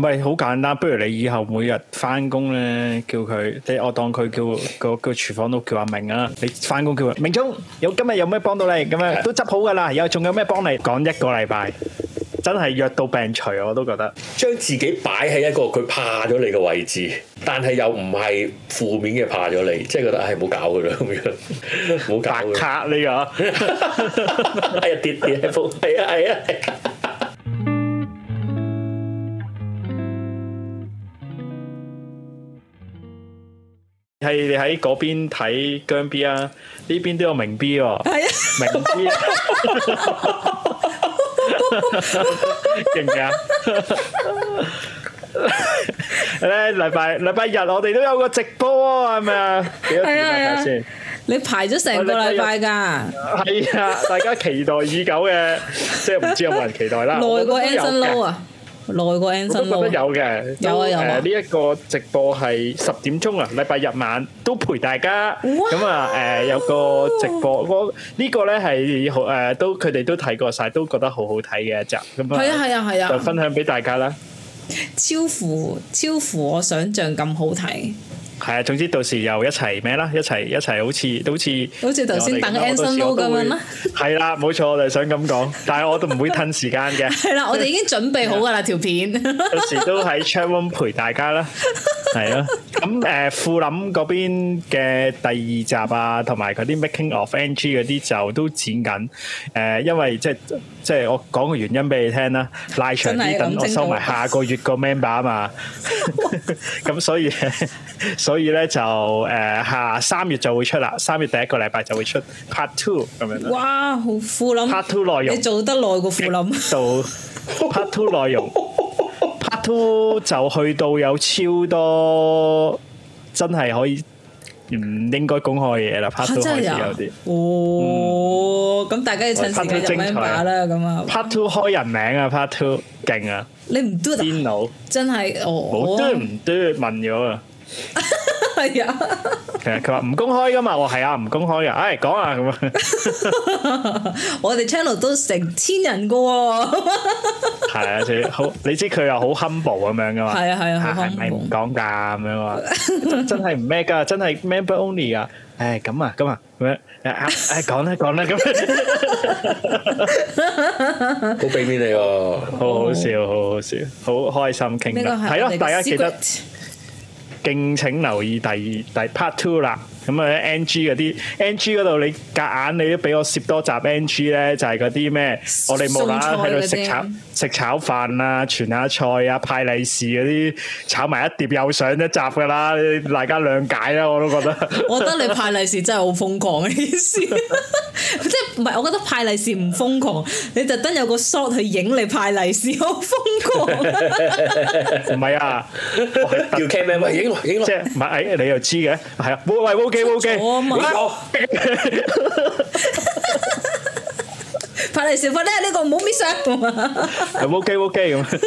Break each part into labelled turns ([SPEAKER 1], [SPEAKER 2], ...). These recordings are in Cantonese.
[SPEAKER 1] 唔係好簡單，不如你以後每日翻工咧，叫佢即係我當佢叫個個廚房都叫阿明啊！你翻工叫佢，明總，今有今日有咩幫到你咁樣，都執好噶啦。又有仲有咩幫你講一個禮拜，真係藥到病除，我都覺得。將自己擺喺一個佢怕咗你嘅位置，但係又唔係負面嘅怕咗你，
[SPEAKER 2] 即係覺得係冇、哎、搞佢啦咁樣，唔搞佢。白卡呢個、 哎，哎
[SPEAKER 1] 呀跌跌風，
[SPEAKER 2] 係啊係啊。
[SPEAKER 1] 係你喺嗰邊睇姜 B 啊？呢邊都有明 B 喎，係啊，明 B 勁啊！咧禮拜禮拜日我哋都有個直播啊，係咪啊？係啊！先你排咗成個禮拜噶，係啊！大家期待已久嘅，即係唔知有冇人期待啦，來個 Angel 啊！
[SPEAKER 3] 內個 a n s w e 有
[SPEAKER 1] 嘅，有啊有啊，呢一個直播係十點鐘啊，禮拜日晚都陪大家，咁啊哇，誒、呃、有個直播，我、這、呢個咧係好誒，都佢哋都睇過晒，都覺得好好睇嘅一集，咁啊，啊啊就分享俾大家啦，超乎超乎我想象咁好睇。係啊，總之到時又一齊咩啦，一齊一齊好似好似，好似頭先等 Anson 咁樣啦。係啦，冇錯 An son，我哋想咁講，但係我都唔會吞時間嘅。係啦，我哋已經
[SPEAKER 3] 準備好噶啦條片。
[SPEAKER 1] 到時都喺 Chatroom 陪大家啦，係咯。咁誒， 富、呃、林嗰邊嘅第二集啊，同埋啲 Making of NG 啲就都剪緊。誒、呃，因為即係即係我講個原因俾你聽啦，拉長啲等我收埋下個月個 Member 啊嘛。咁所以。 所以咧就誒下，三月就會出啦，三月第一個禮拜就會出 part two 咁樣。哇，好負諗 part two 內容，你做得耐過負諗。到 part two 內容，part two 就去到有超多真係可以唔應該公開嘢啦。part two 開始有啲
[SPEAKER 3] 哦，咁大家要趁時去入 member 啦，咁啊。
[SPEAKER 1] part two 開人名啊，part two 勁啊，你唔嘟電腦
[SPEAKER 3] 真係我我唔
[SPEAKER 1] 嘟問咗啊。係啊，其實佢話唔公開噶嘛，我係啊，唔公開啊，唉，講啊咁啊，
[SPEAKER 3] 我哋 channel 都成千人噶，
[SPEAKER 1] 係啊，好，你知佢又好 humble 咁樣噶嘛，係啊，係啊，係唔講噶咁樣啊，真係唔咩噶，真係 member only 噶，唉，咁啊，咁啊，咁樣，講啦，講啦，咁，好俾面你哦，好好笑，好好笑，好開心傾，係咯，大家記得。敬請留意第第 part two 啦。咁啊！NG 嗰啲 NG 嗰度，你隔硬你都俾我攝多集 NG 咧，就係嗰啲咩？我哋冇啦，喺度食炒食炒飯啊，傳下菜啊，派利是嗰啲炒埋一碟又上一集㗎喇，大家諒解啦，我都覺得。我覺
[SPEAKER 3] 得你派利是真係好瘋狂嘅意思，即係唔係？我覺得派利是唔瘋狂，你特登有個 shot 去影你派利是好瘋狂。唔
[SPEAKER 1] 係啊，叫 camera 喂，影落影落，即係唔係？你又知嘅係啊，冇喂冇。O k 我 K，唔好
[SPEAKER 3] 拍嚟小佛咧，呢個唔好 miss 啊係
[SPEAKER 1] O K，O K 咁，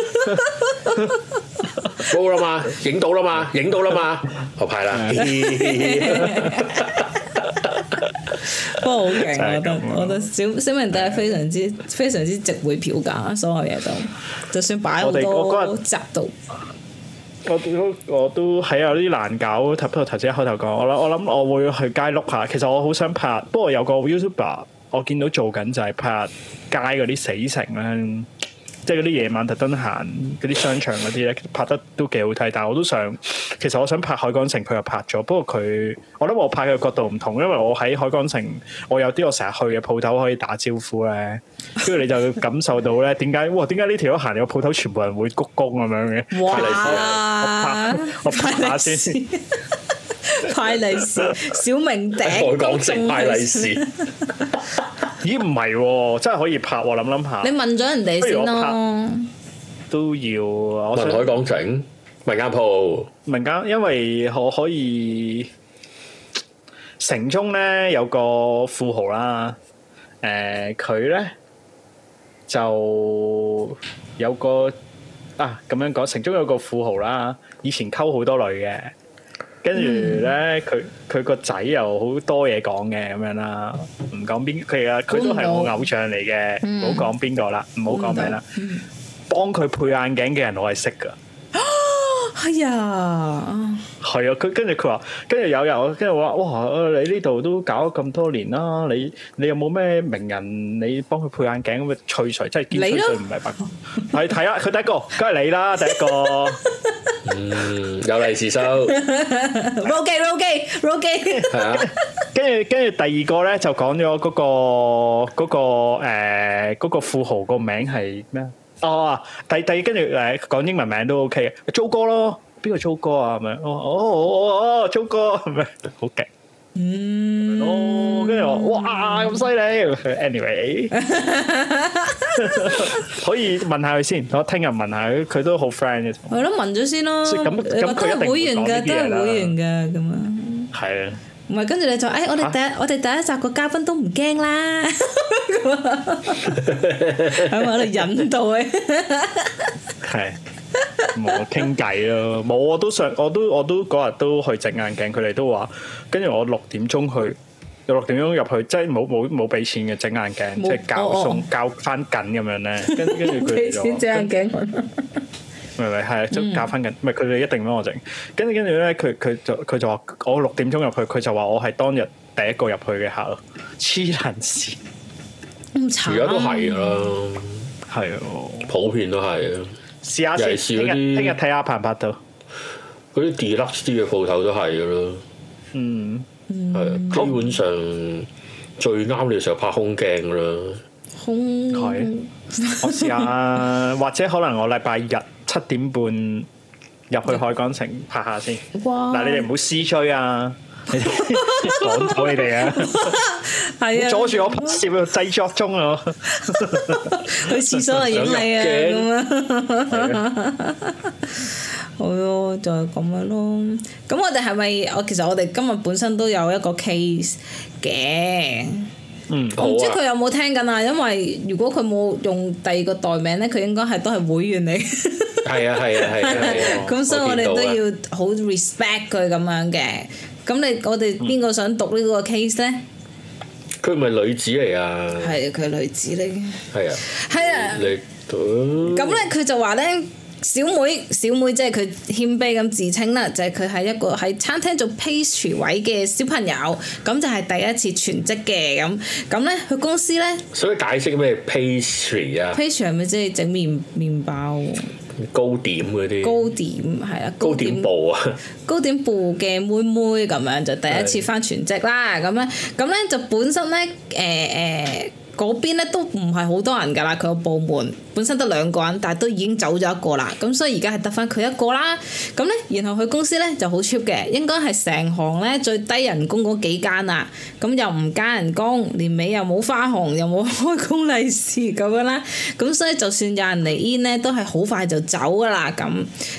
[SPEAKER 2] 煲啦嘛，影到啦嘛，影到啦嘛，合拍啦，拍
[SPEAKER 3] 不過好勁，啊，我覺得，我覺得小小明都係非常之，非常之值回票價，所有嘢都，就算擺好多角度。
[SPEAKER 1] 我，我都我都喺有啲難搞，頭頭頭先一開頭講，我諗我諗我會去街碌下。其實我好想拍，不過有個 YouTuber 我見到做緊就係拍街嗰啲死城咧。即係嗰啲夜晚特登行嗰啲商場嗰啲咧，拍得都幾好睇。但係我都想，其實我想拍海港城，佢又拍咗。不過佢，我諗我拍嘅角度唔同，因為我喺海港城，我有啲我成日去嘅鋪頭可以打招呼咧，跟住你就感受到咧點解？哇！點解呢條路行嘅鋪頭全部人會鞠躬咁樣嘅？哇！派利是，
[SPEAKER 3] 派 利是，小明哋海港城派利是。
[SPEAKER 1] 咦，唔係喎，真係可以拍喎！諗諗下，你問咗人哋先咯，都要。文海港城，民間鋪，民間，因為我可以城中咧有個富豪啦，誒，佢咧就有個啊咁樣講，城中有個富豪啦，以前溝好多女嘅。
[SPEAKER 2] 跟住咧，
[SPEAKER 1] 佢佢個仔又好多嘢講嘅咁樣啦，唔講邊佢啊，佢都係我偶像嚟嘅，唔好講邊個啦，唔好講名啦。幫佢配眼鏡嘅人我係識噶。啊，
[SPEAKER 3] 係啊，
[SPEAKER 1] 係啊，佢跟住佢話，跟住有有，跟住我話，哇！你呢度都搞咗咁多年啦，你你有冇咩名人你幫佢配眼鏡咁嘅趣趣？即係傑出嘅唔係白講。係睇下，佢第一個，梗係你啦，第一個。嗯，有利是收。
[SPEAKER 3] 羅基，羅基，羅基。係啊，
[SPEAKER 1] 跟住跟住第二個咧就講咗嗰個嗰個誒嗰個富豪個名係咩啊？哦，第第跟住誒講英文名都 O K 嘅，Jo 哥咯，邊個 Jo 哥啊？係咪？哦哦哦 Jo 哥，係咪？好勁。嗯，係咯，跟住話哇咁犀利，anyway，可以問下佢先，我聽日問下佢，佢都好 friend 嘅，係
[SPEAKER 3] 咯，問咗先咯，咁咁都係會員噶，都係會員噶，咁啊，係啊，唔係跟住你就誒，我哋第我哋第一集個嘉賓都唔驚啦，
[SPEAKER 1] 咁啊，喺度
[SPEAKER 3] 引導佢，
[SPEAKER 1] 係。冇傾偈咯，冇我都上，我都我都嗰日都去整眼鏡，佢哋都話，跟住我六點鐘去，又六點鐘入去，即係冇冇冇俾錢嘅整眼鏡，即係教送教翻緊咁樣咧，跟住佢，跟住佢整眼鏡，咪咪係啊，教翻緊，唔係佢哋一定幫我整，跟住跟住咧，佢佢就佢就話我六點鐘入去，佢就話我係當日第一個入去嘅客咯，黐撚線，而家都係啦，係啊，普遍都係啊。試下先，聽日聽日睇下拍唔拍到
[SPEAKER 2] 嗰啲 deluxe 嘅鋪頭都係嘅啦，
[SPEAKER 1] 嗯，係基本上最啱你嘅時候拍空鏡嘅啦。空係，我試下， 或者可能我禮拜日七點半入去海港城拍下先。嗱哇，你哋唔好思追啊！講到 你哋啊，係阻住我拍攝製作中啊！
[SPEAKER 3] 去廁所嚟影你啊！咁啊，好咯，就係、是、咁樣咯。咁我哋係咪？我其實我哋今日本身都有一個 case 嘅。嗯，
[SPEAKER 2] 唔、啊、知佢有
[SPEAKER 3] 冇聽緊啊。因為如果佢冇用第二個代名咧，佢應該係都係會員嚟。
[SPEAKER 2] 係 啊，係啊，係啊！咁、啊啊、所以我哋都要
[SPEAKER 3] 好 respect 佢咁樣嘅。咁你我哋邊個想讀個呢個 case 咧？
[SPEAKER 2] 佢唔係女子嚟啊？係，
[SPEAKER 3] 佢係女子嚟嘅。係啊的。係
[SPEAKER 2] 啊的。你咁咧，
[SPEAKER 3] 佢就話咧，小妹小妹即係佢謙卑咁自稱啦，就係佢係一個喺餐廳做 p a pastry 位嘅小朋友，咁就係第一次全職嘅咁。咁咧，佢公司咧。
[SPEAKER 2] 想解釋咩？pastry 啊
[SPEAKER 3] ？pastry 係咪即係整麵麵包？
[SPEAKER 2] 高點嗰啲，高
[SPEAKER 3] 點係啊，
[SPEAKER 2] 高點部啊，
[SPEAKER 3] 高點部嘅妹妹咁樣 就第一次返全職啦，咁咧對，咁咧就本身咧，誒誒嗰邊咧都唔係好多人㗎啦，佢個部門。本身得兩個人，但係都已經走咗一個啦，咁所以而家係得翻佢一個啦。咁咧，然後佢公司咧就好 cheap 嘅，應該係成行咧最低人工嗰幾間啦。咁又唔加人工，年尾又冇花紅，又冇開工利是咁樣啦。咁所以就算有人嚟 in 咧，都係好快就走噶啦咁。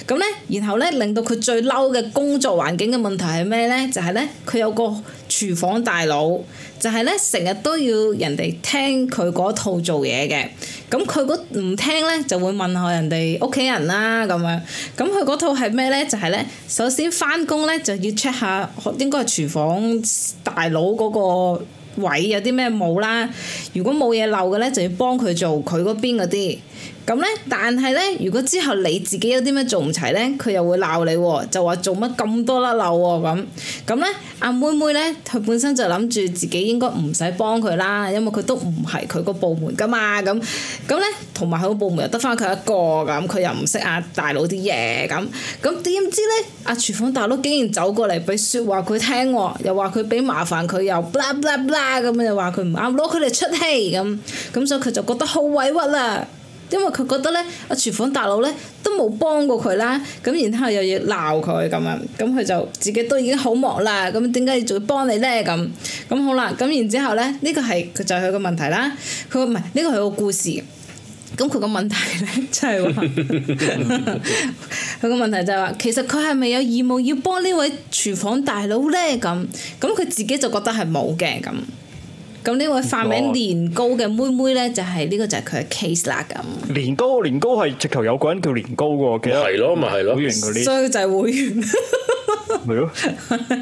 [SPEAKER 3] 咁咧，然後咧令到佢最嬲嘅工作環境嘅問題係咩咧？就係咧佢有個廚房大佬，就係咧成日都要人哋聽佢嗰套做嘢嘅。咁佢嗰唔聽咧，就會問下人哋屋企人啦咁樣。咁佢嗰套係咩咧？就係咧，首先返工咧就要 check 下應該係廚房大佬嗰個位有啲咩冇啦。如果冇嘢漏嘅咧，就要幫佢做佢嗰邊嗰啲。咁咧，但係咧，如果之後你自己有啲咩做唔齊咧，佢又會鬧你喎，就話做乜咁多甩漏喎咁。咁咧，阿妹妹咧，佢本身就諗住自己應該唔使幫佢啦，因為佢都唔係佢個部門噶嘛咁。咁咧，同埋佢個部門又得翻佢一個咁，佢又唔識阿大佬啲嘢咁。咁點知咧，阿廚房大佬竟然走過嚟俾説話佢聽喎，又話佢俾麻煩佢又，啦啦啦咁又話佢唔啱，攞佢嚟出氣咁。咁所以佢就覺得好委屈啦。因為佢覺得咧，阿廚房大佬咧都冇幫過佢啦，咁然後又要鬧佢咁樣，咁佢就自己都已經好忙啦，咁點解要仲要幫你咧？咁咁好啦，咁然之後咧，呢、呢個係佢就係佢個問題啦。佢唔係呢個係個故事。咁佢個問題咧就係、係、話，佢個 問題就係、係、話，其實佢係咪有義務要幫呢位廚房大佬咧？咁咁佢自己就覺得係冇嘅咁。咁呢位化名年糕嘅妹妹咧，就係呢個就係佢嘅 case 啦咁。
[SPEAKER 1] 年糕，年糕係直頭有個人叫年糕嘅？係咯，咪係咯。會員嗰啲，所以就係會員。係咯。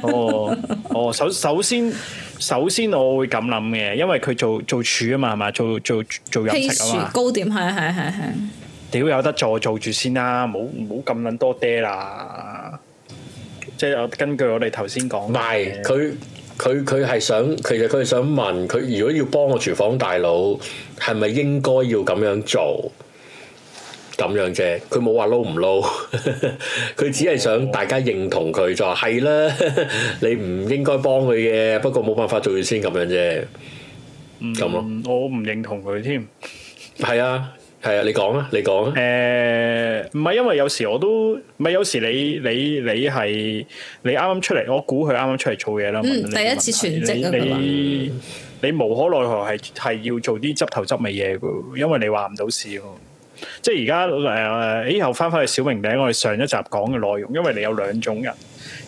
[SPEAKER 1] 哦，哦，首首先首先我會咁諗嘅，因為佢做做廚啊嘛，係嘛，做做做飲食啊嘛，糕
[SPEAKER 3] 點係係係係。
[SPEAKER 1] 屌有得做做住先啦，冇冇咁撚多爹啦。即係我根據我哋頭先講，唔係佢。
[SPEAKER 2] 佢佢係想，其實佢係想問，佢如果要幫我廚房大佬，係咪應該要咁樣做？咁樣啫，佢冇話撈唔撈，佢只係想大家認同佢，就話係啦。你唔應該幫佢嘅，不過冇辦法，做嘢先咁樣啫。咁咯，我唔認同佢添。
[SPEAKER 1] 係啊。係啊，你講啊，你講啊。誒，唔係，因為有時我都，唔係有時你你你係你啱啱出嚟，我估佢啱啱出嚟做嘢啦。嗯，第一次全職得啦。你你無可奈何係係要做啲執頭執尾嘢噶，因為你話唔到事。即係而家誒，以後翻返去小明鼎，我哋上一集講嘅內容，因為你有兩種人，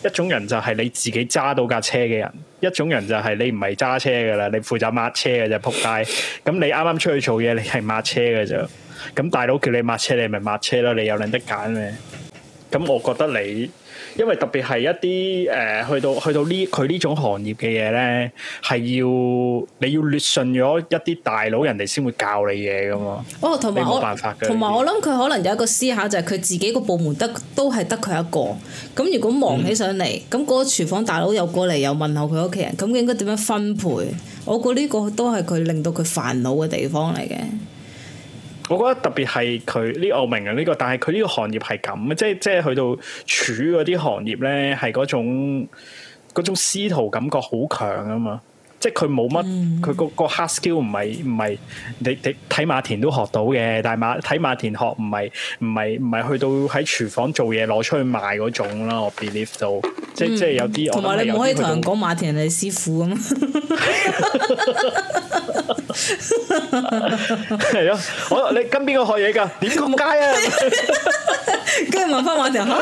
[SPEAKER 1] 一種人就係你自己揸到架車嘅人，一種人就係你唔係揸車噶啦，你負責抹車嘅啫，仆街。咁你啱啱出去做嘢，你係抹車嘅啫。咁大佬叫你抹車，你咪抹車咯。你有輪得揀咩？咁我覺得你，因為特別係一啲誒、呃，去到去到呢佢呢種行業嘅嘢咧，係要你要捋順咗一啲大佬，人哋先會教你嘢㗎嘛。哦，同埋我同埋
[SPEAKER 3] 來我諗佢可能有一個思考就係佢自己個部門得都係得佢一個。咁如果忙起上嚟，咁嗰、嗯、個廚房大佬又過嚟又問候佢屋企人，咁佢應該點樣分配？我估呢個都係佢令到佢煩惱嘅地方嚟嘅。
[SPEAKER 1] 我覺得特別係佢呢，我明啊呢個，但係佢呢個行業係咁，即係即係去到儲嗰啲行業咧，係嗰種嗰種師徒感覺好強啊嘛。即係佢冇乜，佢嗰、嗯、個 hard skill 唔係唔係你你睇馬田都學到嘅，但係馬睇馬田學唔係唔係唔係去到喺廚房做嘢攞出去賣嗰種啦。我 believe 到，即係即係有啲。同埋你唔可以同人講
[SPEAKER 3] 馬田你師傅咁。係咯，我你跟邊個學嘢噶？點咁解啊？跟住問翻馬田下。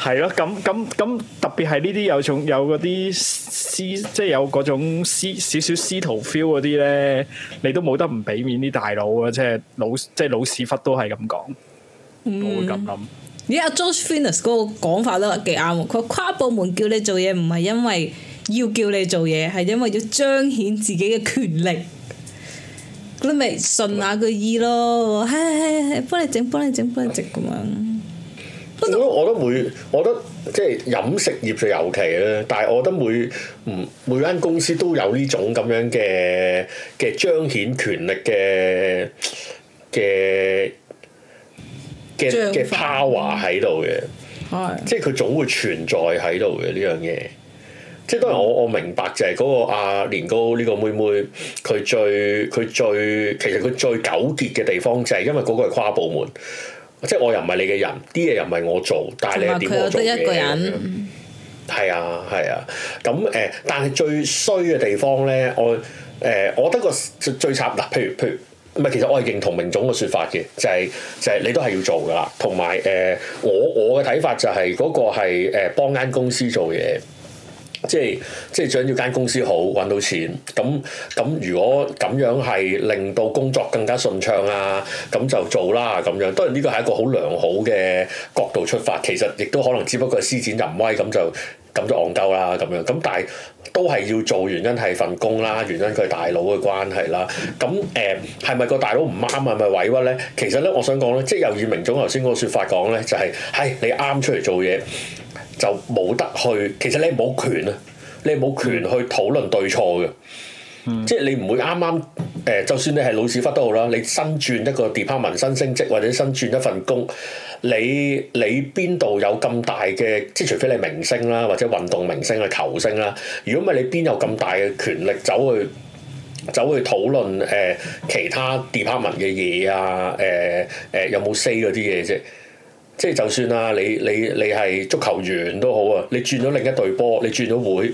[SPEAKER 1] 係咯，咁咁咁特別。係呢啲有種有嗰啲私，即係有嗰種私少少司徒 feel 嗰啲咧，你都冇得唔俾面啲大佬啊！即係老即係老屎忽都係咁講，我
[SPEAKER 3] 會咁諗。而阿 George Finnis 嗰個講法都幾啱，佢跨部門叫你做嘢唔係因為要叫你做嘢，係因為要彰顯自己嘅權力。咁咪順下佢意咯，係係係係，幫你整，幫你整，幫你整咁樣。
[SPEAKER 2] 我都我都會，我覺得即係飲食業就尤其啦，但係我覺得每唔每間公司都有呢種咁樣嘅嘅彰顯權力嘅嘅嘅嘅 power 喺度
[SPEAKER 3] 嘅，
[SPEAKER 2] 的即係佢總會存在喺度嘅呢樣嘢。即係當然我我明白就係嗰個阿、啊、年高呢個妹妹，佢最佢最其實佢最糾結嘅地方就係因為嗰個係跨部門。即係我又唔係你嘅人，啲嘢又唔係我做，但係你點我做一個人。係啊係啊，咁誒、啊，但係、呃、最衰嘅地方咧，我誒、呃，我覺得個最最慘嗱，譬如譬如唔係，其實我係認同明總嘅說法嘅，就係、是、就係、是、你都係要做噶啦，同埋誒，我我嘅睇法就係嗰個係誒幫間公司做嘢。即係即係最緊要間公司好揾到錢，咁咁如果咁樣係令到工作更加順暢啊，咁就做啦咁樣。當然呢個係一個好良好嘅角度出發，其實亦都可能只不過係施展淫威，咁就咁就戇鳩啦咁樣。咁但係都係要做，原因係份工啦，原因佢大佬嘅關係啦。咁誒係咪個大佬唔啱，係咪委屈呢？其實呢，我想講呢，即係又以明總頭先嗰個説法講呢，就係、係、係你啱出嚟做嘢。就冇得去，其實你冇權啊，你冇權去討論對錯嘅，嗯、即係你唔會啱啱誒，就算你係老屎忽都好啦，你新轉一個 department 新升職或者新轉一份工，你你邊度有咁大嘅，即係除非你明星啦或者運動明星啊球星啦，如果唔係你邊有咁大嘅權力走去走去討論誒其他 department 嘅嘢啊誒誒、呃呃、有冇 say 嗰啲嘢啫？即係就算啊，你你你係足球員都好啊，你轉咗另一隊波，你轉咗會，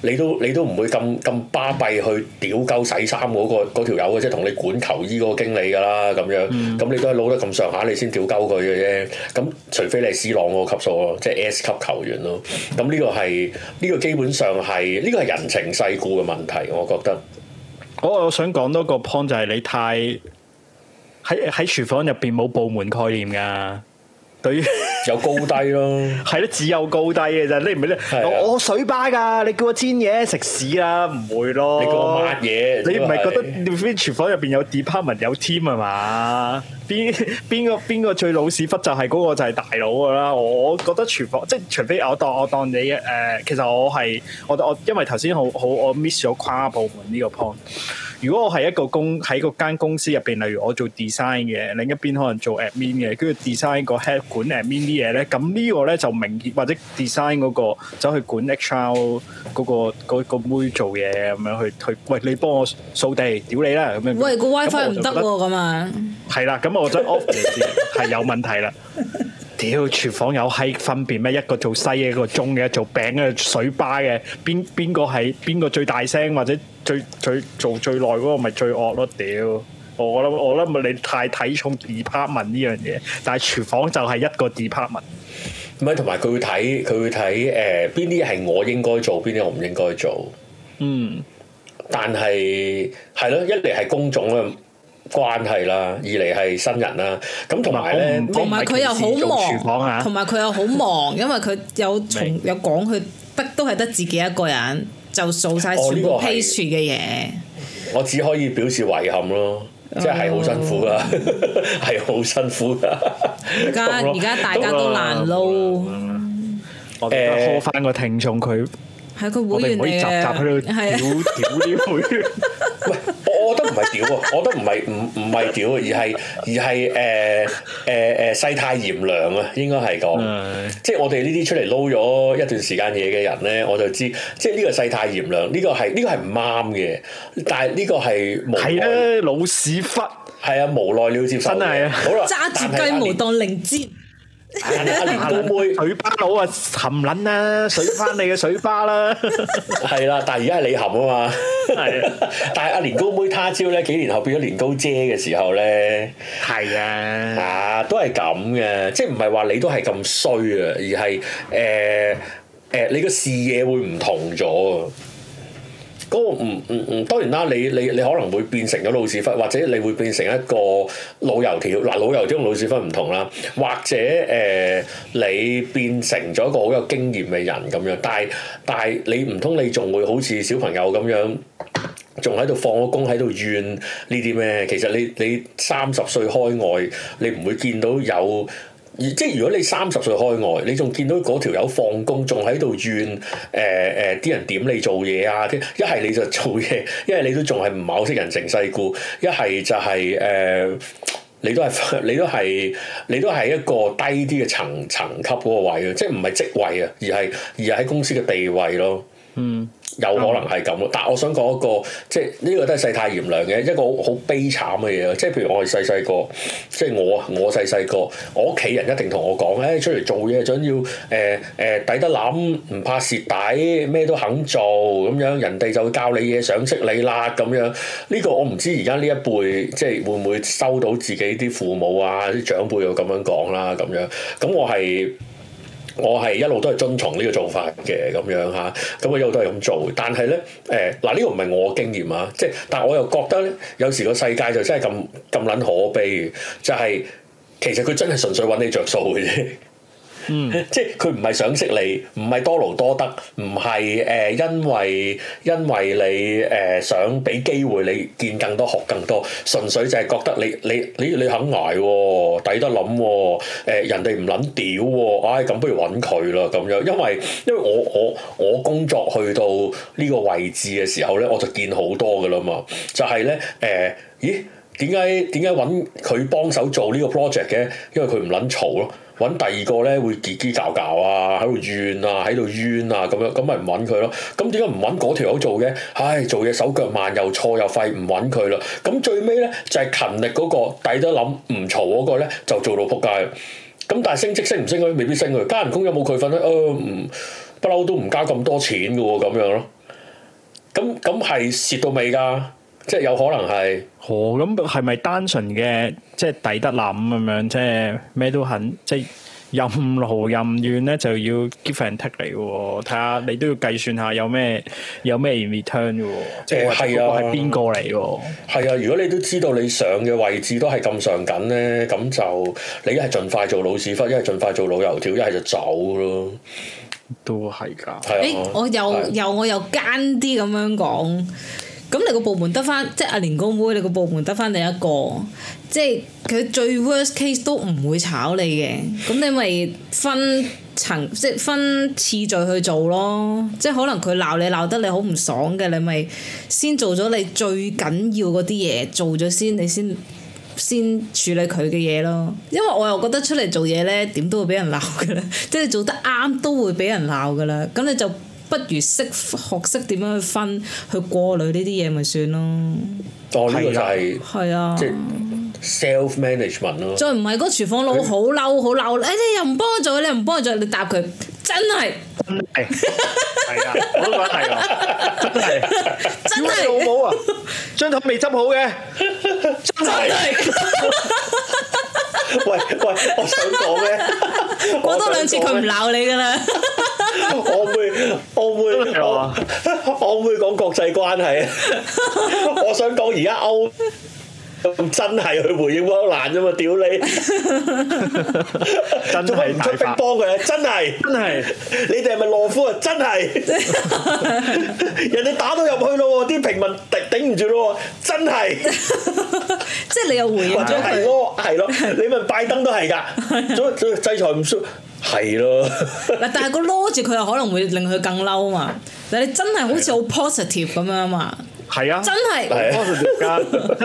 [SPEAKER 2] 你都你都唔會咁咁巴閉去屌鳩洗衫嗰、嗰個條友啊，即係同你管球衣嗰個經理噶啦咁樣，咁、嗯、你都係撈得咁上下，你先屌鳩佢嘅啫。咁除非你係 C 朗嗰個級數咯，即係 S 級球員咯。咁呢個係呢、呢個基本上係呢、呢個係人情世故嘅問題，我覺
[SPEAKER 1] 得。我我想講多個 point 就係、係、你太喺喺廚房入邊冇部門概念㗎。 有高低咯，係咯，只有高低嘅啫。你唔係咧，是的 我水巴㗎，你叫我煎嘢食屎啦，唔會咯。你叫我抹嘢，你唔係覺得也是 廚房入邊有 department 有 team 係嘛？邊邊個邊個最老屎忽就係嗰、那個就係、是、大佬㗎啦。我覺得廚房即係除非我當我當你誒、呃，其實我係我我因為頭先好好我 miss 咗跨部門呢個 point。如果我係一個公喺嗰間公司入邊，例如我做 design 嘅，另一邊可能做 admin 嘅，跟住 design 個 head 管 admin 啲嘢咧，咁呢個咧就明，或者 design 嗰個走去管 HR 嗰個嗰個妹做嘢咁樣去去，喂，你幫我掃地，屌你啦咁樣。喂，個 WiFi 唔得喎，
[SPEAKER 3] 咁啊。
[SPEAKER 1] 係啦，咁我覺得 office 係有問題啦。屌，廚房有閪分別咩？一個做西，一個中嘅做餅嘅水巴嘅，邊邊個係邊個最大聲，或者最最做最耐嗰個咪最惡咯？屌，我諗我諗咪你太睇重 department 呢樣嘢，但係廚房就係一個 department。咪同埋佢會睇佢
[SPEAKER 2] 會睇誒邊啲係我應該做，邊啲我唔應該做。嗯，但係係咯，一嚟係工種啊。關係啦，二嚟係新人啦，咁同埋咧，同埋佢又好忙，廚房啊，同埋
[SPEAKER 3] 佢又好忙，因為佢有從有講佢得都係得自己一個人就掃晒全部批處嘅嘢，
[SPEAKER 2] 我只可以表示遺憾咯，即係好辛苦啦，係好辛苦㗎。而
[SPEAKER 3] 家而家大家都難撈，
[SPEAKER 1] 我哋家 call 翻個聽眾佢，係個會員，我可以集集喺度屌屌啲會
[SPEAKER 2] 員。我覺得唔係屌啊！我覺得唔係唔唔係屌啊！而係而係誒誒誒世態炎涼啊！應該係講， 即係我哋呢啲出嚟撈咗一段時間嘢嘅人咧，我就知，即係呢個世態炎涼，呢、這個係呢、這個係唔啱嘅。但係呢個係無奈，係啦、啊，老屎忽，係啊，無奈要接受嘅
[SPEAKER 3] 嘢。真係呀 好啦，揸住雞毛當令箭。阿、啊、年高
[SPEAKER 1] 妹佢，啊、巴佬啊， 含卵啊，水返你嘅水花啦，係 啦，但係而家係你含啊嘛，係啊，
[SPEAKER 2] 但係阿年高妹他朝咧，幾年後變咗年高姐嘅時候咧，係是的 啊，啊都係咁嘅，即係唔係話你都係咁衰啊，而係誒誒，你個視野會唔同咗啊。嗰個唔唔唔，當然啦！你你你可能會變成咗老屎忽，或者你會變成一個老油條。嗱，老油條同老屎忽唔同啦。或者誒、呃，你變成咗一個好有經驗嘅人咁樣，但係但係你唔通你仲會好似小朋友咁樣，仲喺度放咗工喺度怨呢啲咩？其實你你三十歲開外，你唔會見到有。即係如果你三十歲開外，你仲見到嗰條友放工，仲喺度怨誒誒啲人點你做嘢啊！一係你就做嘢，一係你都仲係唔係好識人情世故，一係就係、是、誒、呃，你都係你都係你都係一個低啲嘅層層級嗰個位，即係唔係職位啊，而係而係喺公司嘅地位咯。嗯，有可能係咁咯，但係我想講一個，即係呢個都係世態炎涼嘅一個好悲慘嘅嘢。即係譬如我係細細個，即係我我細細個，我屋企人一定同我講，誒、欸、出嚟做嘢最緊要誒誒、呃呃、抵得諗，唔怕蝕底，咩都肯做咁樣，人哋就會教你嘢，賞識你啦咁樣。呢、呢個我唔知而家呢一輩即係會唔會收到自己啲父母啊啲長輩又咁樣講啦咁樣。咁我係。我係一路都係遵從呢個做法嘅咁樣吓，咁我一路都係咁做。但係咧，誒嗱呢個唔係我經驗啊，即係但我又覺得咧，有時個世界就真係咁咁撚可悲，就係，其實佢真係純粹揾你着數嘅啫。 嗯，即係佢唔係想識你，唔係多勞多得，唔係誒，因為因為你誒想俾機會你見更多學更多，純粹就係覺得你你你你肯捱喎、哦，抵得諗喎、哦呃，人哋唔撚屌喎，唉、哎、咁不如揾佢啦咁樣，因為因為我我我工作去到呢個位置嘅時候咧，我就見好多嘅啦嘛，就係咧誒，咦點解點解揾佢幫手做呢個 project 嘅？因為佢唔撚嘈咯。揾第二個呢，會攰攰搞搞啊，喺度怨啊，喺度怨啊咁樣，咁咪唔揾佢咯。咁點解唔揾嗰條友做嘅？唉、哎，做嘢手腳慢又錯又廢，唔揾佢啦。咁最尾呢，就係、是、勤力嗰、那個，抵得諗唔嘈嗰個呢，就做到仆街嘅。咁但係升職升唔升嗰，未必升佢，加人工有冇佢份呢？不嬲都唔加咁多錢嘅喎，咁樣咯。咁咁係蝕到尾㗎。即係有可能係，
[SPEAKER 1] 哦，咁係咪單純嘅？即係抵得諗咁樣，即係咩都肯，即係任勞任怨咧就要 give and take 嚟嘅。睇下你都要計算下有咩有咩 return 嘅，即係係啊係邊個嚟嘅？係啊，如果你都知道你上嘅位置都係咁上緊咧，
[SPEAKER 2] 咁就你一係盡快做老屎忽，一係盡快做老油條，一係就走咯，
[SPEAKER 1] 都係噶。誒、啊欸，我又又、
[SPEAKER 3] 啊、我又奸啲咁樣講。咁你個部門得翻，即係阿連江妹，你個部門得翻你一個，即係佢最 worst case 都唔會炒你嘅。咁你咪分層，即係分次序去做咯。即係可能佢鬧你鬧得你好唔爽嘅，你咪先做咗你最緊要嗰啲嘢，做咗先，你先先處理佢嘅嘢咯。因為我又覺得出嚟做嘢咧，點都會俾人鬧嘅啦，即係做得啱都會俾人鬧嘅啦。咁你就～不如識學識點樣去分去過濾呢啲嘢咪
[SPEAKER 2] 算咯。當呢個就係係啊，即係 self management 咯。再
[SPEAKER 3] 唔係嗰個廚房佬好嬲，好嬲佢！哎，你又唔幫我做，你又唔幫我做，你，你答佢，真係 真
[SPEAKER 1] 係係啊！我都話係啊！真係真係老母啊！樽桶未執好嘅，真係。喂喂，我想講咩？講多兩次佢唔鬧你㗎啦。
[SPEAKER 2] 我會我會我我會講國際關係啊！我，講 我想講而家歐真係去回應歐蘭啫嘛！屌你，真係唔出兵幫佢，真係 真係是 你哋係咪懦夫啊？真係 人哋打到入去咯，啲平民頂頂唔住咯，真係 即係你又回應。或者係咯，係咯，你問拜登都係噶，制裁唔輸。係是咯
[SPEAKER 3] 嗱， 但係個攞住佢又可能會令佢更嬲嘛。但你真係好似好 positive 咁樣是啊嘛，
[SPEAKER 1] 係啊，真係 positive 㗎，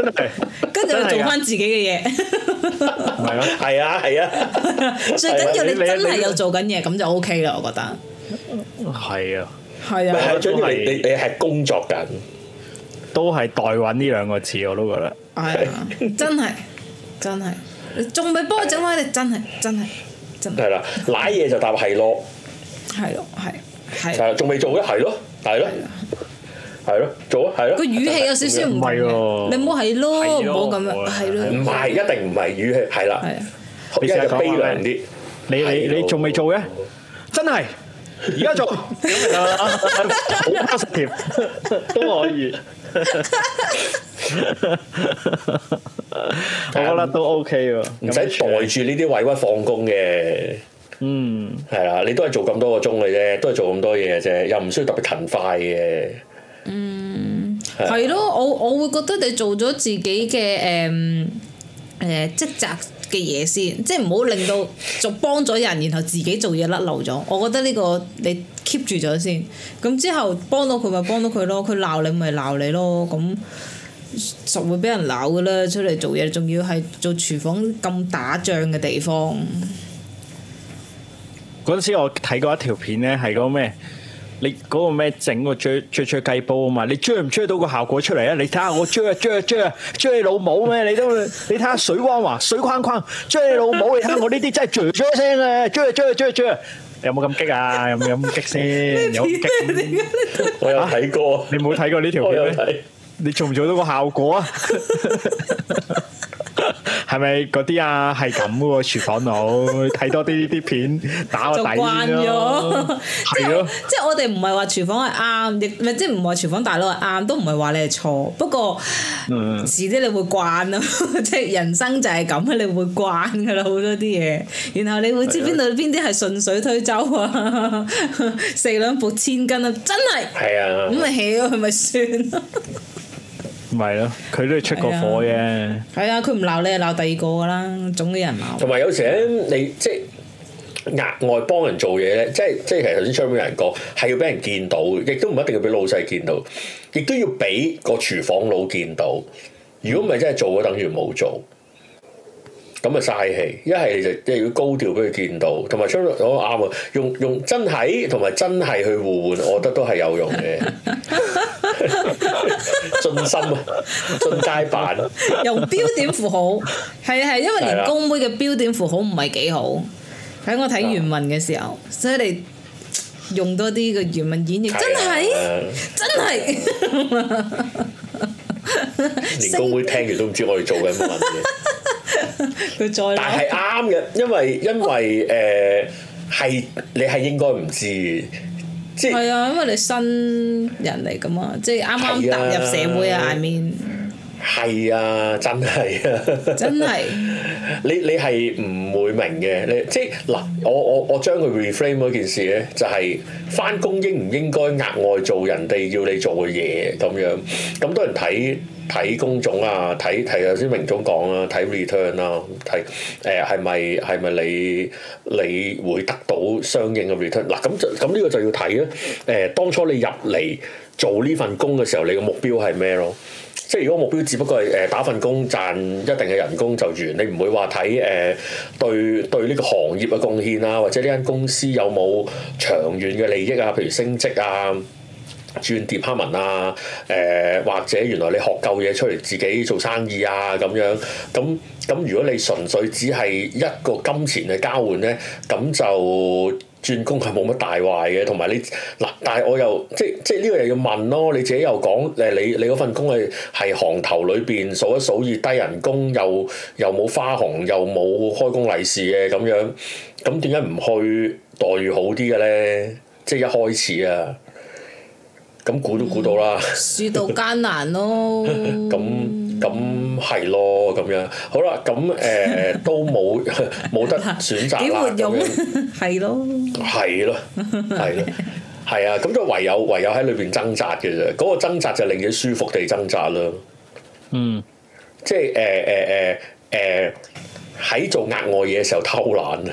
[SPEAKER 3] 跟住佢做翻自己嘅嘢，係咯，
[SPEAKER 2] 係啊，係啊，最緊要你真係有
[SPEAKER 3] 做緊嘢，咁就 OK 啦。我覺得
[SPEAKER 1] 係是啊，
[SPEAKER 2] 是啊，
[SPEAKER 3] 係啊，最緊要
[SPEAKER 1] 你你係工作緊，都係代揾呢兩個字，我都覺得係啊 真，
[SPEAKER 3] 真係真係，仲未幫我整翻你真係真係。真
[SPEAKER 1] 係啦，舐嘢就答係咯，係咯，
[SPEAKER 2] 係，係仲未做嘅，係咯，係咯，係咯，做啊，係咯。個語氣有
[SPEAKER 3] 少少唔係喎，你唔好係咯，唔好咁樣，係咯，唔係
[SPEAKER 1] 一定唔係語氣，係啦，而家悲涼啲，你你仲未做嘅，真係，而家做，好八十條都可以。我得都 OK 喎，唔
[SPEAKER 2] 使袋住呢啲委屈放工嘅。嗯，係啦，你都係做咁多個鐘嘅啫，都係做咁多嘢嘅啫，又唔需要特別勤快嘅。嗯，係
[SPEAKER 3] 咯的，我我會覺得你做咗自己嘅誒誒職責嘅嘢先，即係唔好令到做幫咗人，然後自己做嘢甩漏咗。我覺得呢個你 keep 住咗先，咁之後幫到佢咪幫到佢咯，佢鬧你咪鬧你咯，咁。實會俾人鬧㗎啦，出嚟做嘢仲要係做廚房咁打仗嘅地方。嗰
[SPEAKER 1] 陣時我睇過一條片咧，係個咩？你嗰個咩整個追追追雞煲啊嘛？你追唔追到個效果出嚟啊？你睇下我追啊追啊追啊追你老母咩？你都你睇下水汪汪水框框追你老母！你睇下我呢啲真係追追聲啊！追啊追啊追啊追啊！追啊追啊追啊追啊有冇咁激啊？有冇咁激先、啊？我有睇過，你冇睇過呢條片？睇？你做唔做到個效果 是是 啊？係咪嗰啲啊？係咁喎，廚房佬睇多啲啲片，打我大啲就慣咗 是、 啊，即係
[SPEAKER 3] 即係我哋唔係話廚房係啱，亦唔即係唔話廚房大佬係啱，都唔係話你係錯。不過，嗯，遲啲你會慣咯，即係人生就係咁啊，你會慣噶啦，好多啲嘢。然後你會知邊度邊啲係順水推舟啊， 四兩撥千斤啊，真係。係啊、嗯。咁咪起咯，佢咪算。
[SPEAKER 1] 唔係咯，佢都係出過火
[SPEAKER 3] 嘅，係啊，佢唔鬧你，就鬧第二個噶啦，總會有
[SPEAKER 2] 人鬧。同埋有時咧，你即係額外幫人做嘢咧，即係即係其實頭先張偉人講，係要俾人見到，亦都唔一定要俾老細見到，亦都要俾個廚房佬見到。如果唔係，真係做，做，等於冇做。咁咪嘥氣，一係就即係要，要高調俾佢見到，同埋出咗啱啊！用用真係同埋真係去互換，我覺得都係有用嘅，盡
[SPEAKER 1] 心啊，盡街版啊，用標點
[SPEAKER 3] 符號係啊，係，因為連公妹嘅標點符號唔係幾好，喺我睇原文嘅時候，的所以你用多啲嘅原文演繹的，真係真係，
[SPEAKER 2] 的 連公妹聽完都唔知我哋做緊乜嘢。佢再，但係啱嘅，因為因為誒係你係應該唔知，
[SPEAKER 3] 即係啊，因為你新人嚟㗎嘛，即係啱啱踏入社會啊，I
[SPEAKER 2] mean，係啊，真係啊，真係，你你係唔會明嘅，你即係嗱，我我我將佢 reframe 嗰件事咧，就係返工應唔應該額外做人哋要你做嘅嘢咁樣，咁多人睇。睇工種啊，睇睇頭先明總講啦、啊，睇 return 啦、啊，睇誒係咪係咪你你會得到相應嘅 return？嗱咁就咁呢個就要睇啦。誒、呃、當初你入嚟做呢份工嘅時候，你嘅目標係咩咯？即係如果目標只不過係誒、呃、打份工賺一定嘅人工就完，你唔會話睇誒對對呢個行業嘅貢獻啊，或者呢間公司有冇長遠嘅利益啊？譬如升職啊～轉 department 啊，誒、呃、或者原來你學夠嘢出嚟自己做生意啊咁樣，咁咁如果你純粹只係一個金錢嘅交換咧，咁就轉工係冇乜大壞嘅，同埋你嗱，但係我又即即呢個又要問咯，你自己又講誒你你嗰份工係係行頭裏邊數一數二低人工，又又冇花紅，又冇開工利是嘅咁樣，咁點解唔去待遇好啲嘅咧？即係一開始啊！咁估都估到啦，輸到艱難咯。咁咁係咯，咁樣好啦。咁誒、呃、都冇冇得選擇活用？
[SPEAKER 3] 係咯，係
[SPEAKER 2] 咯，係 咯，係咯，係啊。咁都唯有唯有喺裏邊掙扎嘅啫。嗰個掙扎就令佢舒服地掙扎啦。嗯，即係誒誒誒誒喺做額外嘢嘅時候偷懶啊！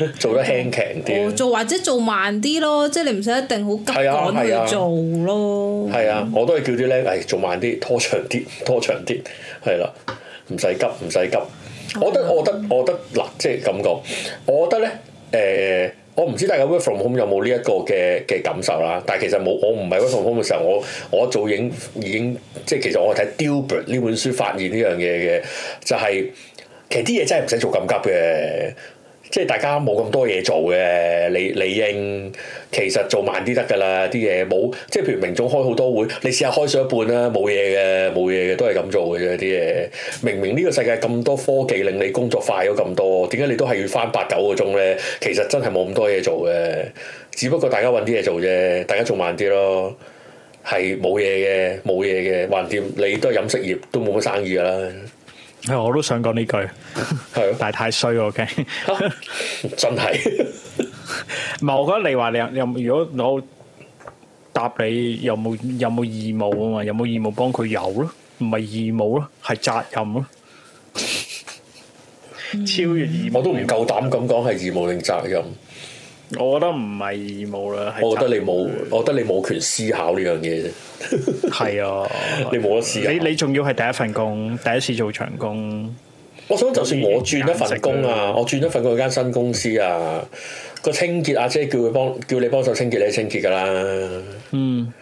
[SPEAKER 2] 做得輕鬆啲，做
[SPEAKER 3] 或者做慢啲咯，即係你唔使一定好急趕去做咯。係啊，
[SPEAKER 2] 啊、嗯、啊，我都係叫啲靚仔，誒、哎、做慢啲，拖長啲，拖長啲，係啦，啊，唔使急，唔使急 我。我覺得，我覺得，我覺得，嗱，即係咁講。我覺得咧，誒、呃，我唔知大家 work from home 有冇呢一個嘅嘅感受啦。但係其實冇，我唔係 work from home 嘅時候，我我早已影已經，即係其實我睇 Dilbert 呢本書發現呢樣嘢嘅，就係、是，其實啲嘢真係唔使做咁急嘅。即係大家冇咁多嘢做嘅，你理應其實做慢啲得㗎啦，啲嘢冇即係譬如明早開好多會，你試下開上一半啦，冇嘢嘅，冇嘢嘅，都係咁做嘅啫，啲嘢。明明呢個世界咁多科技令你工作快咗咁多，點解你都係要返八九個鐘咧？其實真係冇咁多嘢做嘅，只不過大家揾啲嘢做啫，大家做慢啲咯，係冇嘢嘅，冇嘢嘅，橫掂你都係飲食業都冇乜生意㗎啦。
[SPEAKER 1] 係，我都想講呢句，係，但係太衰喎，我驚真係。唔係，我覺得你話你有，如果我答你，有冇有冇義務啊嘛？有冇義務幫佢有咯？唔係義務咯，係責任咯。超越義務，我都唔夠膽咁講係義務定責任。我覺得唔係義
[SPEAKER 2] 務啦，我覺得你冇，我覺得你冇權思考呢樣嘢啫。係 啊， 你冇得思考你，你
[SPEAKER 1] 你仲要係第一份工，第一次做長工。我想就算我轉一份工啊，
[SPEAKER 2] 我轉一份去間新公司啊，個清潔阿姐，姐叫佢幫，叫你幫手清潔，你清潔噶啦。嗯，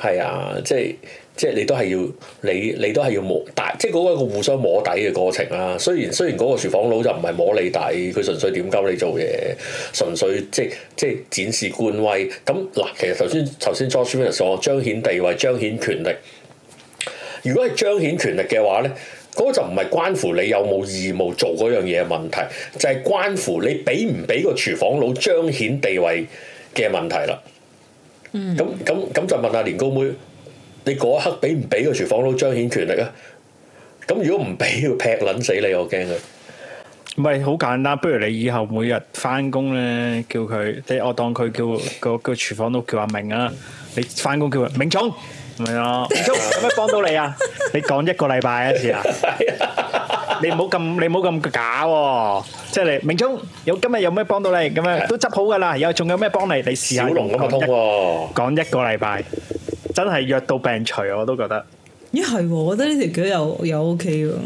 [SPEAKER 2] 係啊，即係。即係你都係要你你都係要摸，即係嗰個一個互相摸底嘅過程啦、啊。雖然雖然嗰個廚房佬就唔係摸你底，佢純粹點鳩你做嘢，純粹即係即係展示官威。咁嗱，其實頭先頭先 Joshua 所講，彰顯地位、彰顯權力。如果係彰顯權力嘅話咧，嗰就唔係關乎你有冇義務做嗰樣嘢嘅問題，就係、是、關乎你俾唔俾個廚房佬彰顯地位嘅問題啦。咁咁咁就問下年高妹。你嗰一刻俾唔俾個廚房佬彰顯權力啊？咁如果唔俾，要劈撚死你，我驚佢！
[SPEAKER 1] 唔係好簡單，不如你以後每日翻工咧，叫佢即係我當佢叫個個廚房佬叫阿明啊！你翻工叫佢明聰，明聰有咩幫到你啊？你講一個禮拜一次啊！你唔好咁，你唔好咁假喎！即係你明聰有今日有咩幫到你咁樣都執好噶啦，又仲有咩幫你？你試下，龍咁通喎！講一個禮拜。真係弱到病除啊！我都覺得、
[SPEAKER 3] 欸，咦係、啊？我覺得呢條橋又又 O K 咯，OK、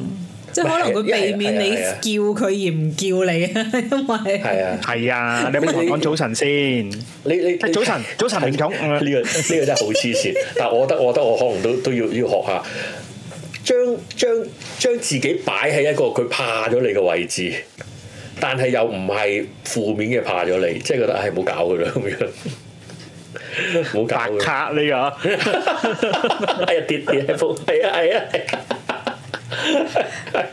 [SPEAKER 3] 即係可能佢避免你叫佢而唔叫你
[SPEAKER 1] 啊，因為係啊係啊，啊， 啊，你可唔可以講早晨先？你你早晨早晨林總，呢是、嗯這個呢個真係好黐線， 但我覺得我覺得我可能都都要要
[SPEAKER 2] 學下，將將將自己擺喺一個佢怕咗你嘅位置，但係又唔係負面嘅怕咗你，即、就、係、是、覺得唉冇、哎、搞佢啦咁樣。
[SPEAKER 1] 冇白卡呢個，係啊跌跌係啊係啊，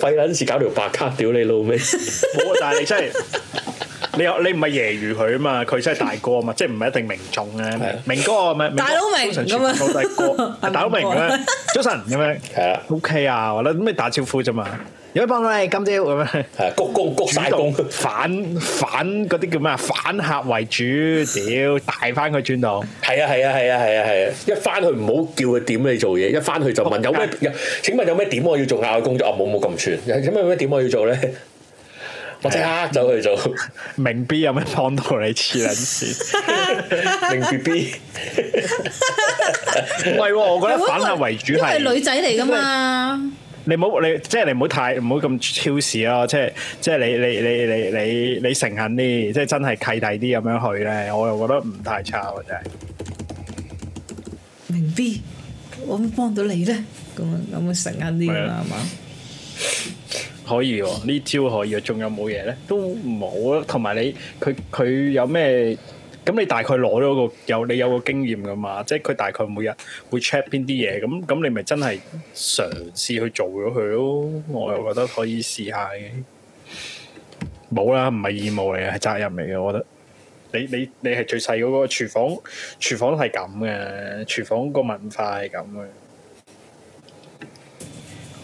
[SPEAKER 1] 費卵事搞條白卡，屌你老味！冇啊，但係你真係，你你唔係揶揄佢啊嘛，佢真係大哥啊嘛，即係唔係一定名眾嘅，明哥啊咩？大佬明咁啊，大佬明咁啊，早晨咁樣，係啊，OK 啊，我諗咩打招呼啫嘛。有咩幫到你？今朝咁啊，鞠躬、鞠晒躬、反反嗰啲叫咩啊？反客為主，屌大翻佢轉頭。
[SPEAKER 2] 係啊係啊係啊係啊係啊！一翻去唔好叫佢點你做嘢，一翻去就問有咩有？請問有咩點我要做啊？工作啊冇冇咁串？有咩咩點我
[SPEAKER 1] 要做咧？我即刻走去做。明 B 有咩幫到你？黐撚線明 B B 唔係？我覺得反客為主係女仔嚟噶嘛。你唔好你即係你唔好太唔好咁超時咯，即係即係你你你你你你誠懇啲，即係真係契弟啲咁樣去咧，我又覺得唔太差喎，真係。
[SPEAKER 3] 明 B，我會幫到你咧，咁樣咁樣誠懇啲啊嘛。
[SPEAKER 1] 可以喎，呢招可以啊，仲有冇嘢咧？都冇咯，同埋你佢佢有咩？咁你大概攞到個有你有個經驗噶嘛？即係佢大概每日會 check 邊啲嘢，咁咁你咪真係嘗試去做咗佢咯。我又覺得可以試下嘅。冇啦，唔係義務嚟嘅，係責任嚟嘅。我覺得你你你係最細嗰個廚房，廚房都係咁嘅，廚房個文化係咁嘅。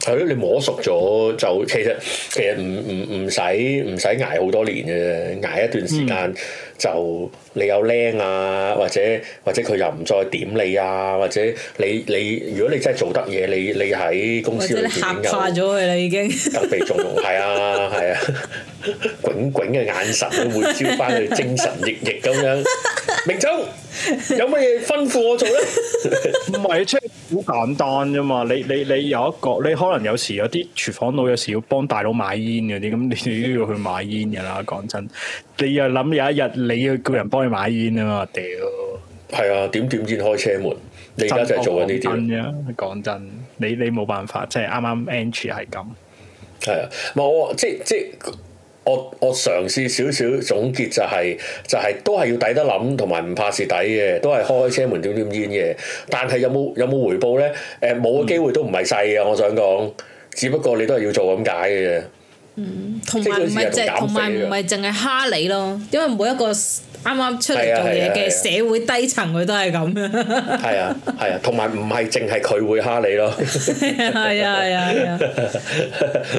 [SPEAKER 2] 係咯，你摸熟咗就其實其實唔唔唔使唔使挨好多年嘅，挨一段時間就。你又靚啊，或者或者佢又唔再點你啊，或者你你如果你真係做得嘢，你你喺公司，或者嚇怕
[SPEAKER 3] 咗佢啦已經，
[SPEAKER 2] 特別重用係啊，係啊，滾滾嘅眼神會招翻佢精神奕奕
[SPEAKER 1] 咁樣，明總
[SPEAKER 2] 有乜嘢吩咐我做咧？
[SPEAKER 1] 唔係，即係好簡單啫嘛！你你你有一個，你可能有時有啲廚房佬有時要幫大佬買煙嗰啲，咁你都要去買煙噶啦。講真，你又諗有一日你要叫人幫。買煙啊嘛，屌，
[SPEAKER 2] 係啊，點點煙開車門？你而家就係做緊呢啲。講
[SPEAKER 1] 真，你真真你冇辦法，即係啱啱 entry 係咁。係啊，
[SPEAKER 2] 我即係即係，我我嘗試少少總結就係、是、就係、是、都係要抵得諗，同埋唔怕蝕底嘅，都係開車門點點煙嘅。但係有冇有冇回報咧？誒、呃，冇嘅機會都唔係細啊！我想講，只不過你都係要做咁解嘅啫。嗯，
[SPEAKER 3] 同埋唔係淨，同埋唔係淨係蝦你咯，因為每一個。啱啱出嚟做嘢嘅社會低層，佢都係咁樣。
[SPEAKER 2] 係啊，係啊，同埋唔係淨係佢會蝦你咯。係啊，係啊，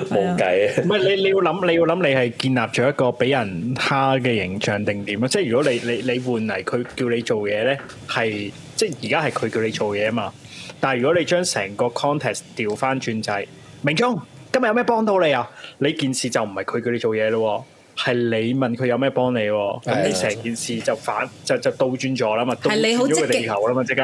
[SPEAKER 1] 冇計啊！唔係，你你要諗，你要諗你係建立咗一個俾人蝦嘅形象定點啊？即係如果你你你換嚟佢叫你做嘢咧，係即係而家係佢叫你做嘢啊嘛。但係如果你將成個 context 調翻轉就係，明忠今日有咩幫到你啊？你件事就唔係佢叫你做嘢咯。係你問佢有咩幫你，咁你成件事就反就就倒轉咗啦嘛，倒轉咗個地球啦嘛，即刻，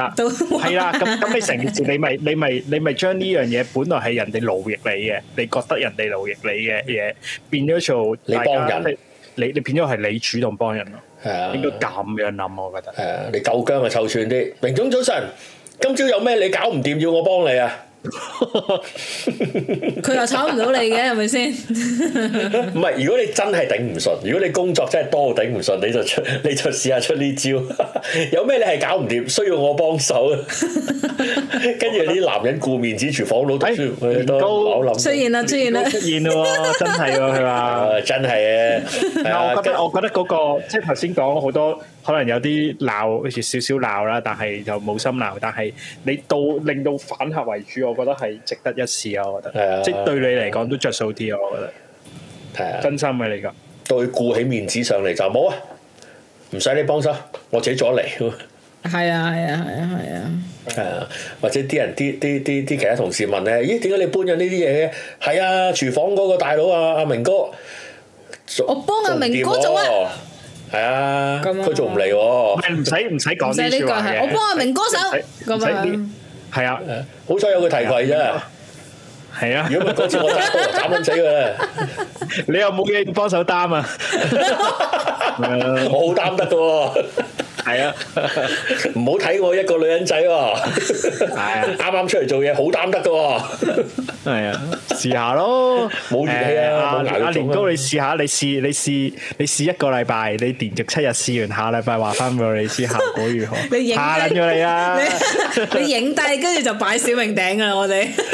[SPEAKER 1] 係啦，咁咁你成件事，你咪你咪你咪將呢樣嘢本來係人哋勞役你嘅，你覺得人哋勞役你嘅嘢，變咗做你幫人，你你變咗係你主動幫人咯，係啊，應
[SPEAKER 2] 該咁樣諗我覺得，係啊，你夠姜啊，臭串啲，明總早晨，今朝有咩你搞唔掂要我幫你啊？
[SPEAKER 3] 佢 又炒唔到你嘅係咪先？
[SPEAKER 2] 唔係， 如果你真係頂唔順，如果你工作真係多到頂唔順，你就出，你就試下出呢招。 有咩你係搞唔掂，需要我幫手？跟住啲男人顧面子，廚房佬讀書唔會、哎、都高。出現
[SPEAKER 3] 啦，出現啦，出現咯，真
[SPEAKER 2] 係係嘛，真係嘅、啊。我覺，
[SPEAKER 1] 我覺得嗰、 嗰個即係頭先講好多。可能有啲鬧，好似少少鬧啦，但係就冇心鬧。但係你到令到反客為主，我覺得係值得一試啊！我覺得，即係對你嚟講都著數啲啊！我覺得係啊，真心嘅，你咁對顧起面子上嚟就冇啊，唔使你
[SPEAKER 2] 幫手，我自己做嚟。係
[SPEAKER 3] 啊，係啊，係啊，係
[SPEAKER 2] 啊，係啊，或者啲人、啲啲啲啲其他同事問咧，咦？點解你搬咗呢啲嘢嘅？係啊，廚房嗰個大佬啊，阿明哥，我幫阿明哥做啊。係啊，佢做唔嚟喎，唔使唔使講呢啲説話，我幫下明歌手咁啊，係啊，好彩有佢提攜啫，係啊，如果唔係嗰次我斬斬撚死佢。
[SPEAKER 1] 你有冇嘢要幫手擔啊？
[SPEAKER 2] 我好擔得噶喎。係啊，唔好睇我一個女人仔喎，係啊，啱啱出嚟做嘢，好擔得噶，係
[SPEAKER 1] 啊，試下咯，冇嘢啊，阿阿、啊啊啊、年高你試下，你試你試你試一個禮拜，你連續七日試完，下禮拜話翻俾我哋知效果如何？ 你影緊住你啊，
[SPEAKER 3] 你影低跟住就擺小明頂啊，我哋。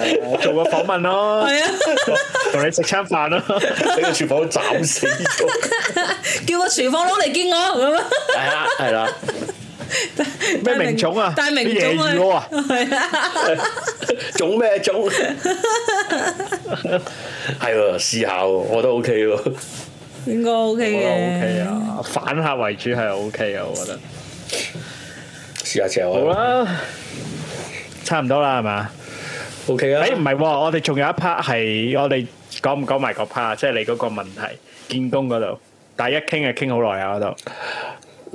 [SPEAKER 1] 做個訪問咯，係是啊，同你食餐飯咯，俾個廚房斬死，
[SPEAKER 3] 叫個廚房佬嚟見我咁咯。
[SPEAKER 1] 係啦，係啦，咩名種啊？大名種啊？係啊，種咩麼種？
[SPEAKER 2] 係 試、 哎、下，我都 OK 咯， 應
[SPEAKER 3] 該 OK 嘅。我覺得 OK
[SPEAKER 1] 啊，反客為主係 OK 啊，我覺得試下。試下先啊，好啦、嗯，差唔多啦，係嘛？OK 啦，哎。誒，唔係，我哋仲有一 part 係我哋講唔講埋個 part，即係你嗰個問題見工嗰度。但係一傾啊，傾好耐啊嗰度。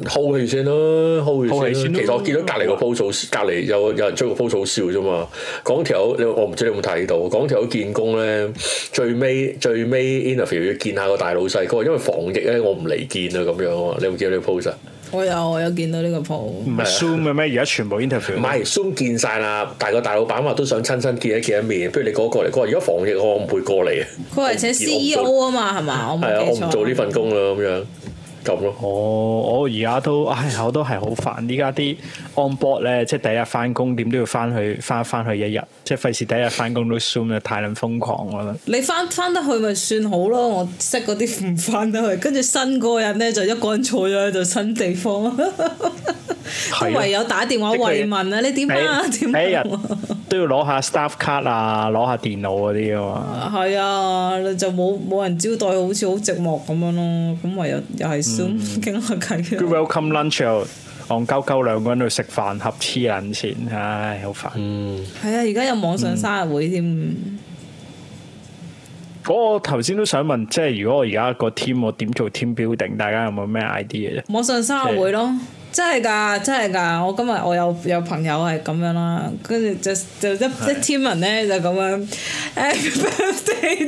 [SPEAKER 2] hold 住先啦，hold 住先。其實我見到隔籬個 post，隔籬有有人追個 post 好笑啫嘛。講條，你我唔知你有冇睇到。講條見工咧，最尾最尾 interview 要見下個大老細，佢話因為防疫咧，我唔嚟見啊咁樣啊。你有冇見呢個 post 啊？
[SPEAKER 3] 我有我有見到呢個鋪，唔係
[SPEAKER 2] Zoom 嘅咩？而家全部 interview，唔係 Zoom 見晒啦。大個大老闆話都想親身見一見一面。不如你過一過嚟，佢話：如果防疫，我唔
[SPEAKER 1] 會過嚟
[SPEAKER 3] 啊。佢話請 CEO 啊嘛，係嘛？係啊，我唔做呢
[SPEAKER 1] 份工啦，咁 樣。哦、我我而家都，唉，我都係好煩。依家啲 on board 咧，即係第一日翻工點都要翻去翻翻去一日，即係費事第一日翻工都 zoom，太撚瘋狂啦！
[SPEAKER 3] 你翻翻得去咪算好咯，我識嗰啲唔翻得去，跟住新嗰人咧就一個人坐咗喺度新地方，
[SPEAKER 1] 唯有
[SPEAKER 3] 打電話慰問的啊！你點的啊？點？
[SPEAKER 1] 都要攞下 staff card 啊，攞下電腦嗰啲啊嘛。
[SPEAKER 3] 係啊，就冇冇人招待，好似好寂寞咁樣咯。咁唯有又係小
[SPEAKER 1] 景去睇。Good welcome lunch 又戇鳩鳩兩個人去食飯，合黐銀錢，唉，好煩。嗯。
[SPEAKER 3] 係啊，而家有網上生日會添。
[SPEAKER 1] 嗰個頭先都想問，即係如果我而家個 team 我點做 team building，大家有冇咩 idea 啫？
[SPEAKER 3] 網上生日會咯。真係㗎，真係㗎！我今日我有有朋友係咁樣啦，跟住就就一一 team 人咧就咁樣，誒，即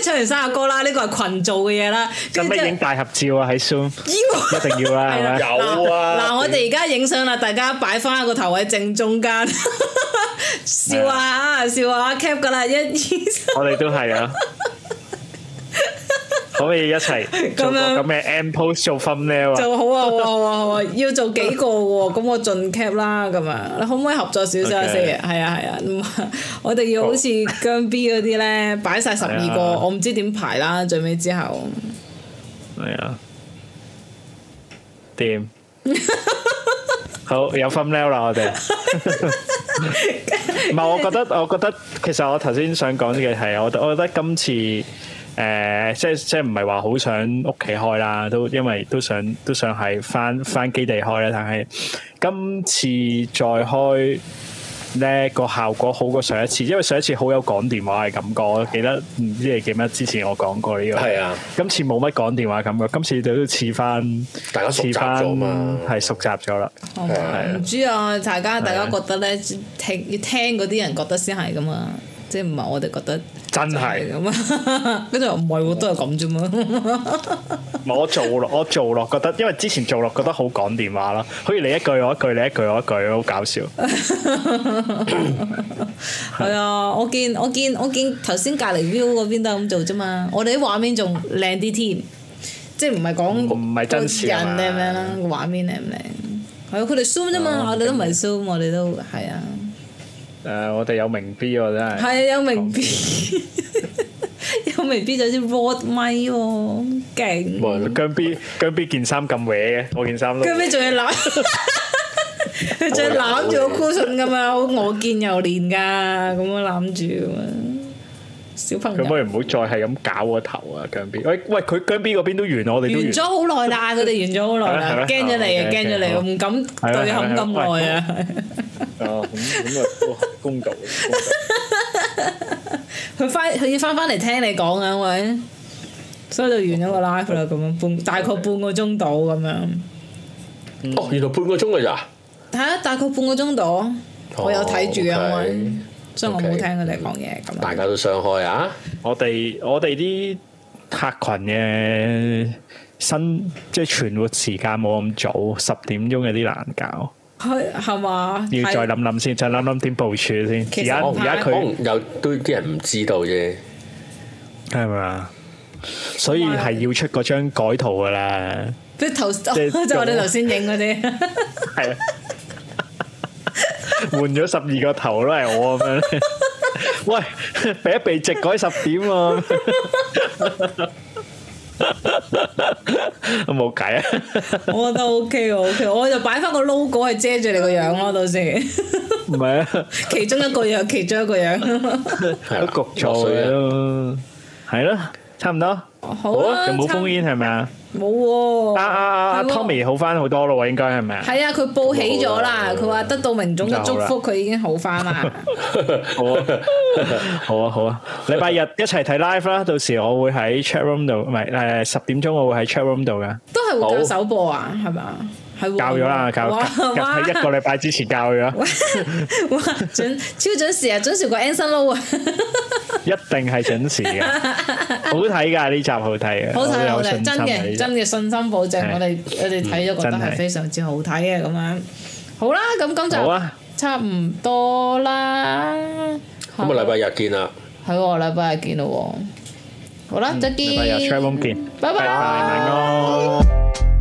[SPEAKER 3] 係唱完生日歌啦，呢、這個係群做嘅嘢啦。咁乜影
[SPEAKER 1] 大合照啊？喺 Zoom 一定要啦，係咪？有啊！嗱，我哋而
[SPEAKER 3] 家影相啦，大家擺翻個頭位正中間，笑下笑下，cap 㗎啦，一、二、三
[SPEAKER 1] 我哋都係啊。可以一齊咁樣咁嘅 m post 做 funnel
[SPEAKER 3] 啊？就好，好啊！要做幾個咁我盡 cap 啦咁啊！你可唔可以合作少少先四係啊係 Okay. 啊，啊，啊，我哋要好似姜 B 嗰啲咧，擺晒十二個， 哎、呀我唔知點排啦，最尾之後
[SPEAKER 1] 係啊，掂、哎、好有 funnel 啦我哋，唔 係我覺得，我覺得其實我頭先想講嘅係，我我覺得今次。誒、呃，即係即係唔係話好想屋企開啦，都因為都想都想係翻翻基地開啦。但係今次再開呢個效果好過上一次，因為上一次好有講電話嘅感覺。我記得唔知你記唔記得之前我講過呢、這個？係是啊，今次冇乜講電話感覺，今次都似翻大家熟習咗嘛，係熟習咗啦。
[SPEAKER 3] 唔是、啊、知啊，就家是、啊、大家覺得咧聽是、啊、要聽嗰啲人，人覺得先係噶嘛。即係唔係我哋覺得
[SPEAKER 1] 樣真係，跟住話唔係喎，都係咁啫嘛。唔係我做落，我做落覺得因為之前做落覺得好講電話啦，好似你一句我一句，你一句我一句，好搞笑。
[SPEAKER 3] 係啊， 我見我見我見頭先隔離 view 嗰邊都係咁做啫嘛。我哋啲畫面仲靚啲添，即係唔係
[SPEAKER 1] 講唔係真事啊？靚
[SPEAKER 3] 唔靚啦？畫面靚唔靚？係啊，佢哋 show 啫嘛，我哋都唔係 show，我哋都係啊。
[SPEAKER 1] 誒，我哋有名 B 喎，真係
[SPEAKER 3] 係啊，有名 B，有名 B，仲有啲 road 咪喎，勁！冇
[SPEAKER 1] 姜 B，姜 B 件衫咁歪嘅，我件衫都姜 B 仲要
[SPEAKER 3] 攬，仲要攬住個 cushion 噶嘛，我見又練噶，咁樣攬住啊，
[SPEAKER 1] 小朋友！唔好再係咁搞個頭啊，姜 B！喂喂，佢姜 B 嗰邊都完啦，我哋完咗
[SPEAKER 3] 好耐啦，佢哋完咗好耐啦，驚咗你啊，驚咗你，唔敢對冚咁耐啊！
[SPEAKER 1] 啊，咁咁啊，公道。
[SPEAKER 3] 佢翻， 佢要翻翻嚟聽你講啊，喂！所以就完咗個 live 啦，咁樣半大概半個鐘
[SPEAKER 2] 到咁樣。Okay. 哦，原來半個鐘噶咋？
[SPEAKER 3] 係啊，大概半個鐘到，
[SPEAKER 1] 我有睇住啊，喂！Oh, okay.
[SPEAKER 3] 所以我冇聽佢哋講嘢。咁 Okay.
[SPEAKER 2] 樣大
[SPEAKER 1] 家都上害啊！我哋我哋啲客群嘅新即係存活時間冇咁早，十點鐘有啲難搞。
[SPEAKER 3] 佢係嘛？要再
[SPEAKER 1] 諗諗先，再諗諗點部署先。而家而家佢
[SPEAKER 2] 有對啲人唔知道啫，
[SPEAKER 1] 係咪？所以係要出嗰張改圖噶啦。
[SPEAKER 3] 即係頭，即係我哋頭先影嗰啲。係
[SPEAKER 1] 啊，換咗十二個頭都係我咁樣。喂，畀一畀，直改十點啊！冇計 辦法啊 ！
[SPEAKER 3] 我覺得 OK，OK，OK, OK, OK, 我就擺翻個 logo 係遮住你個樣咯、啊，到時。
[SPEAKER 1] 唔係啊，
[SPEAKER 3] 其中一個樣，其中一個樣
[SPEAKER 1] 啊，係焗錯咯、啊，係咯、 啊，差唔多。好啊，又冇封煙係咪啊？冇，阿阿阿 Tommy 好翻好多咯，應該，係咪啊？係
[SPEAKER 3] 啊，佢報起咗啦，佢話得到明總嘅祝福，佢已經好翻啦。
[SPEAKER 1] 好，好啊，好啊，禮拜日一齊睇 live 啦。到時我會喺 chat room 度，唔係，誒，十點鐘我會喺 chat room 度嘅，都係會首
[SPEAKER 3] 播啊，係咪啊？教咗啦，教喺一個禮
[SPEAKER 1] 拜之前教咗，
[SPEAKER 3] 準超準時啊，準時過 Anson Law 啊，
[SPEAKER 1] 一定係準時嘅，好睇噶，呢集好睇嘅，好睇好真嘅真
[SPEAKER 3] 嘅信心保證，我哋我哋睇咗覺得係非常之好睇嘅咁樣，好啦，咁今集差唔多啦，咁啊
[SPEAKER 2] 禮拜日見啦，
[SPEAKER 3] 係喎，禮拜日見咯喎，好啦，再見，禮拜日再
[SPEAKER 2] 見，拜拜，晚安。